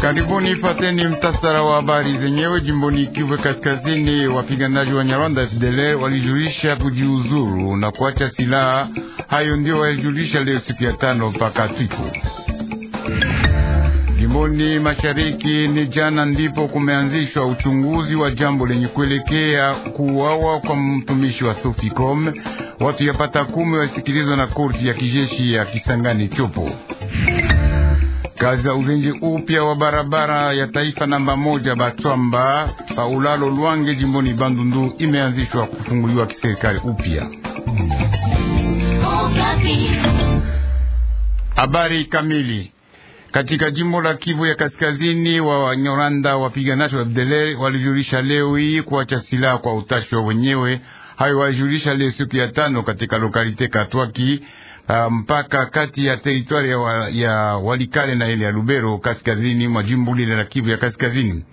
Karibuni fateni mtasara wa habari zenyewe. Jimboni Kivu Kaskazini, wapiganaji wa Nyarwanda FDLR walijulisha kujiuzuru na kuacha silaha. Hayo ndio walijulisha leo siku ya tano mpaka Twipo. Jimboni mashariki ni jana ndipo kumeanzishwa uchunguzi wa jambo lenye kuelekea kuuawa kwa mtumishi wa Soficom. Watu yapata kumi wasikilizwa na korti ya kijeshi ya Kisangani Chopo. Kazi za uzenji upya wa barabara ya taifa namba moja pa paulalo Lwange jimboni Bandundu imeanzishwa kufunguliwa kiserikali upya. Oh, Habari kamili katika jimbo la Kivu ya Kaskazini, wa nyoranda wapiganaji wa FDLR walijulisha leo hii kuacha silaha kwa utashi wa wenyewe. Hayo walijulisha leo siku ya tano katika lokalite Katwaki Ah, mpaka kati ya teritwari ya, wa, ya Walikale na ile ya Lubero kaskazini mwa jimbo lile la Kivu ya kaskazini,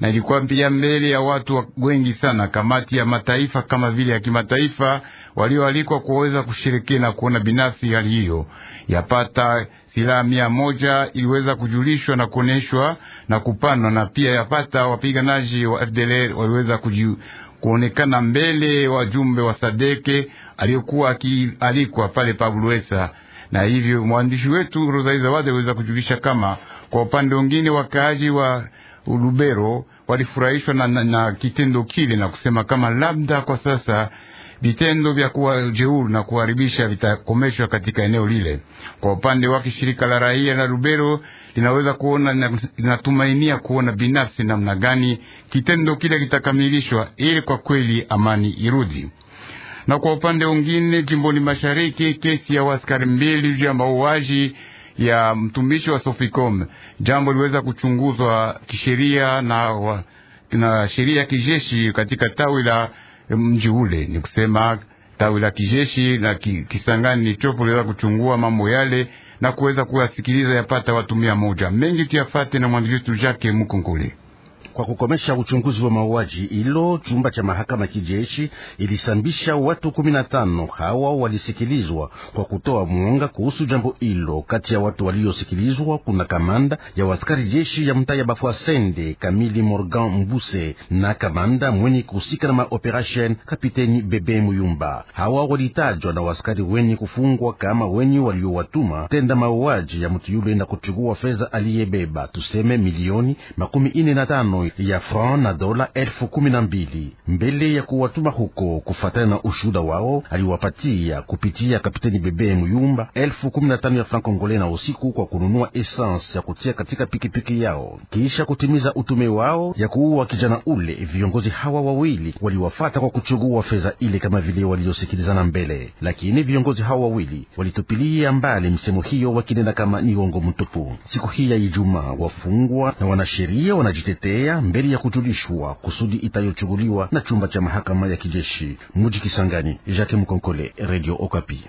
na ilikuwa pia mbele ya watu wengi sana, kamati ya mataifa kama vile ya kimataifa walioalikwa kuweza kushiriki na kuona binafsi hali hiyo. Yapata silaha mia moja iliweza kujulishwa na kuoneshwa na kupanwa, na pia yapata wapiganaji wa FDLR waliweza kuji kuonekana mbele wajumbe wa Sadeke aliyokuwa alikwa pale Pabuluesa, na hivyo mwandishi wetu Rozali Zawadi aliweza kujulisha kama kwa upande wengine wakaaji wa Ulubero walifurahishwa na, na, na kitendo kile na kusema kama labda kwa sasa vitendo vya kuwajeuri na kuharibisha vitakomeshwa katika eneo lile. Kwa upande wake shirika la raia la Rubero linaweza kuona, linatumainia kuona binafsi namna gani kitendo kile kitakamilishwa ili kwa kweli amani irudi. Na kwa upande mwingine, jimboni mashariki, kesi ya waskari mbili juu ya mauaji ya mtumishi wa Soficom, jambo liweza kuchunguzwa kisheria na, na sheria ya kijeshi katika tawi la mji ule, ni kusema tawi la kijeshi na ki, Kisangani chopo liweza kuchungua mambo yale na kuweza kuwasikiliza yapata watu mia moja. Mengi tuyafate na mwandishi wetu Jacques Mukongole kwa kukomesha uchunguzi wa mauaji ilo chumba cha mahakama kijeshi ilisambisha watu kumi na tano. Hawa walisikilizwa kwa kutoa mwonga kuhusu jambo hilo. Kati ya watu waliosikilizwa kuna kamanda ya askari jeshi ya mtaa ya sende Kamili Morgan Mbuse na kamanda mwenye kuhusika na maoperation Kapiteni Bebe Muyumba. Hawa walitajwa na waskari wenye kufungwa kama wenye waliowatuma tenda mauaji ya mtu yule na kuchukua fedha aliyebeba tuseme milioni makumi ine na tano ya franc na dola elfu kumi na mbili mbele ya kuwatuma huko. Kufatana na ushuda wao, aliwapatia kupitia kapiteni Bebe Muyumba elfu kumi na tano ya franc kongole na usiku kwa kununua essence ya kutia katika pikipiki piki yao, kisha kutimiza utume wao ya kuua kijana ule. Viongozi hawa wawili waliwafata kwa kuchugua fedha ile kama vile waliosikilizana mbele, lakini viongozi hawa wawili walitupilia mbali msemo hiyo wakinena kama ni uongo mtupu. Siku hii ya Ijumaa wafungwa na wanasheria wanajitetea mbele ya kujulishwa kusudi itayochukuliwa na chumba cha mahakama ya kijeshi muji Kisangani. Jacques Mkonkole, Radio Okapi.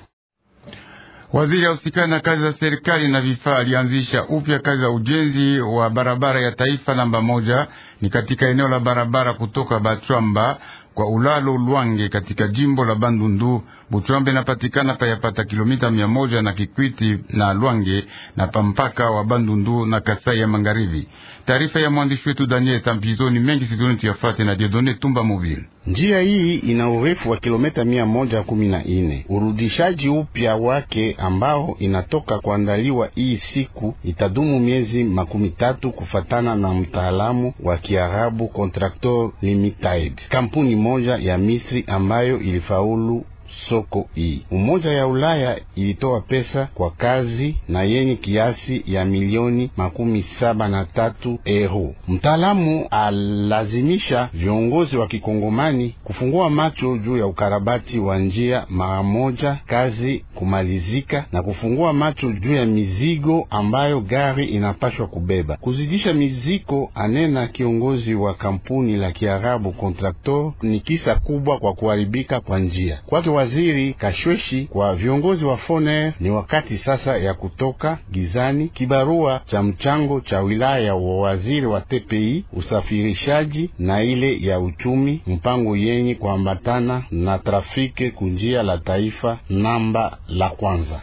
Waziri usikani na kazi za serikali na vifaa alianzisha upya kazi za ujenzi wa barabara ya taifa namba moja, ni katika eneo la barabara kutoka Bachwamba kwa ulalo Lwange katika jimbo la Bandundu. Butwambe napatikana payapata kilomita mia moja na Kikwiti na Lwange na pampaka wa Bandundu na Kasai ya Magharibi. Taarifa ya mwandishi wetu Daniel Tambizoni mengi sidoni tuyafate na Diodone Tumba Mobile Njia hii ina urefu wa kilomita mia moja kumi na ine. Urudishaji upya wake ambao inatoka kuandaliwa hii siku itadumu miezi makumi tatu kufatana na mtaalamu wa Kiarabu Contractor Limited, kampuni moja ya Misri ambayo ilifaulu soko hii. Umoja ya Ulaya ilitoa pesa kwa kazi na yenye kiasi ya milioni makumi saba na tatu euro. Mtaalamu alazimisha viongozi wa kikongomani kufungua macho juu ya ukarabati wa njia mara moja kazi kumalizika, na kufungua macho juu ya mizigo ambayo gari inapashwa kubeba, kuzidisha miziko anena kiongozi wa kampuni la Kiarabu Contractor. Ni kisa kubwa kwa kuharibika kwa njia kwake waziri Kashweshi kwa viongozi wa Foner, ni wakati sasa ya kutoka gizani. Kibarua cha mchango cha wilaya wa waziri wa TPI usafirishaji na ile ya uchumi, mpango yenye kuambatana na trafiki kunjia la taifa namba la kwanza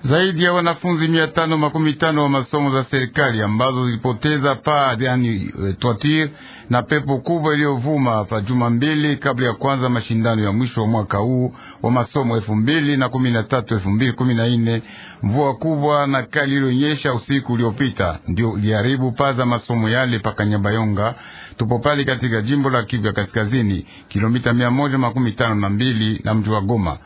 zaidi ya wanafunzi mia tano makumi tano wa masomo za serikali ambazo zilipoteza paa yani eh, twatir na pepo kubwa iliyovuma pa juma mbili kabla ya kwanza mashindano ya mwisho wa mwaka huu wa masomo elfu mbili na kumi na tatu elfu mbili kumi na nne. Mvua kubwa na kali iliyonyesha usiku uliopita ndio iliharibu paa za masomo yale pa Kanyabayonga, tupo pale katika jimbo la Kivu ya Kaskazini, kilomita mia moja makumi tano na mbili na mji wa Goma.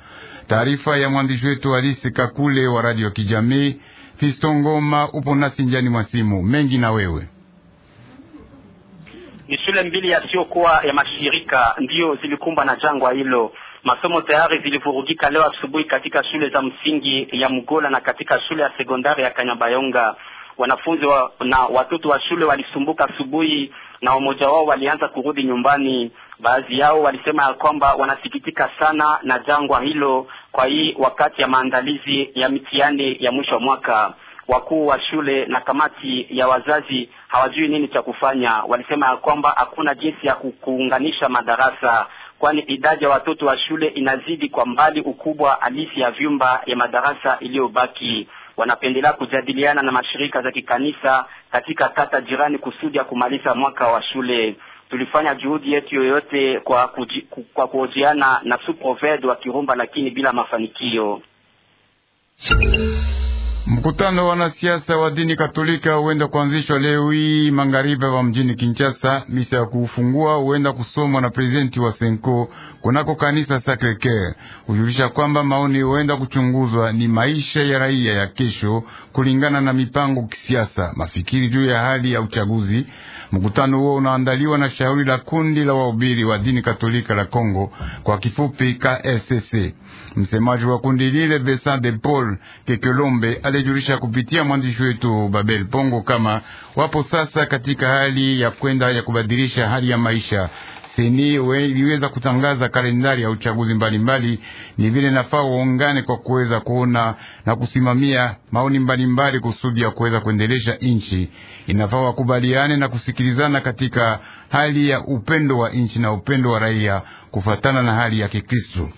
Taarifa ya mwandishi wetu alise Kakule wa radio kijamii. fistongoma Ngoma upo nasi njani mwa simu mengi na wewe ni shule mbili yasiyokuwa ya mashirika ndiyo zilikumbwa na jangwa hilo. Masomo tayari zilivurugika leo asubuhi katika shule za msingi ya Mgola na katika shule ya sekondari ya Kanyabayonga. Wanafunzi wa, na watoto wa shule walisumbuka asubuhi, na mmoja wao walianza kurudi nyumbani. Baadhi yao walisema kwamba wanasikitika sana na jangwa hilo kwa hii wakati ya maandalizi ya mitihani ya mwisho wa mwaka. Wakuu wa shule na kamati ya wazazi hawajui nini cha kufanya. Walisema ya kwamba hakuna jinsi ya kuunganisha madarasa, kwani idadi ya watoto wa shule inazidi kwa mbali ukubwa halisi ya vyumba ya madarasa iliyobaki. Wanapendelea kujadiliana na mashirika za kikanisa katika kata jirani kusudi ya kumaliza mwaka wa shule tulifanya juhudi yetu yoyote kwa kuji, kwa kuojiana na suproved wa Kirumba lakini bila mafanikio. Mkutano wa wanasiasa wa dini Katolika huenda kuanzishwa leo hii magharibi wa mjini Kinshasa. Misa ya kuufungua huenda kusomwa na prezidenti wa Senko kunako kanisa Sacre Coeur. Hujulisha kwamba maoni huenda kuchunguzwa ni maisha ya raia ya kesho kulingana na mipango kisiasa, mafikiri juu ya hali ya uchaguzi Mkutano huo unaandaliwa na shauri la kundi la wahubiri wa dini Katolika la Kongo, kwa kifupi KLCC. Msemaji wa kundi lile Vincent de Paul Kekelombe alijulisha kupitia mwandishi wetu Babel Pongo kama wapo sasa katika hali ya kwenda ya kubadilisha hali ya maisha seni iliweza kutangaza kalendari ya uchaguzi mbalimbali, ni vile nafaa waungane kwa kuweza kuona na kusimamia maoni mbalimbali kusudi ya kuweza kuendelesha nchi. Inafaa wakubaliane na kusikilizana katika hali ya upendo wa nchi na upendo wa raia kufatana na hali ya Kikristo.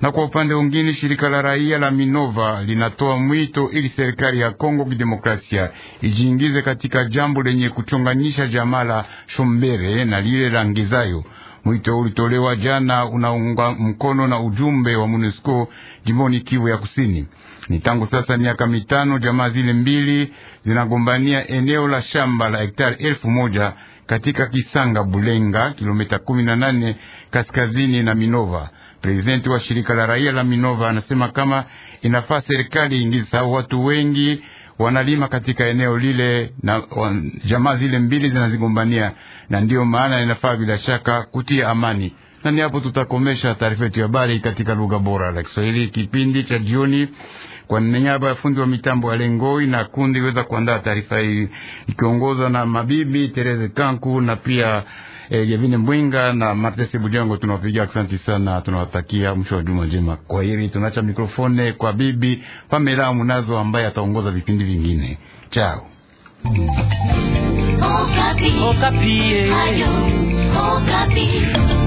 Na kwa upande mwingine, shirika la raia la Minova linatoa mwito ili serikali ya Kongo Kidemokrasia ijiingize katika jambo lenye kuchonganisha jamaa la Shombere na lile la Ngezayo. Mwito ulitolewa jana, unaunga mkono na ujumbe wa MONUSCO jimboni Kivu ya Kusini. Ni tangu sasa miaka mitano jamaa zile mbili zinagombania eneo la shamba la hektari elfu moja katika Kisanga Bulenga, kilomita 18 kaskazini na Minova. Prezidenti wa shirika la raia la Minova anasema kama inafaa serikali sababu watu wengi wanalima katika eneo lile na jamaa zile mbili zinazigombania, na ndiyo maana inafaa bila shaka kutia amani. Na ni hapo tutakomesha taarifa yetu ya habari katika lugha bora la Kiswahili kipindi cha jioni. Kwa niaba ya fundi wa mitambo ya Lengoi na kundi weza kuandaa taarifa hii ikiongozwa na mabibi Tereze Kanku na pia eh, Yevine Mbwinga na Martesi Bujango, tunawapigia asante sana, tunawatakia mwisho wa juma njema. Kwa hili tunaacha mikrofone kwa bibi Pamela Munazo ambaye ataongoza vipindi vingine. Chao. Okapi. Oh, Okapi. Oh, eh. Ayo. Okapi. Oh,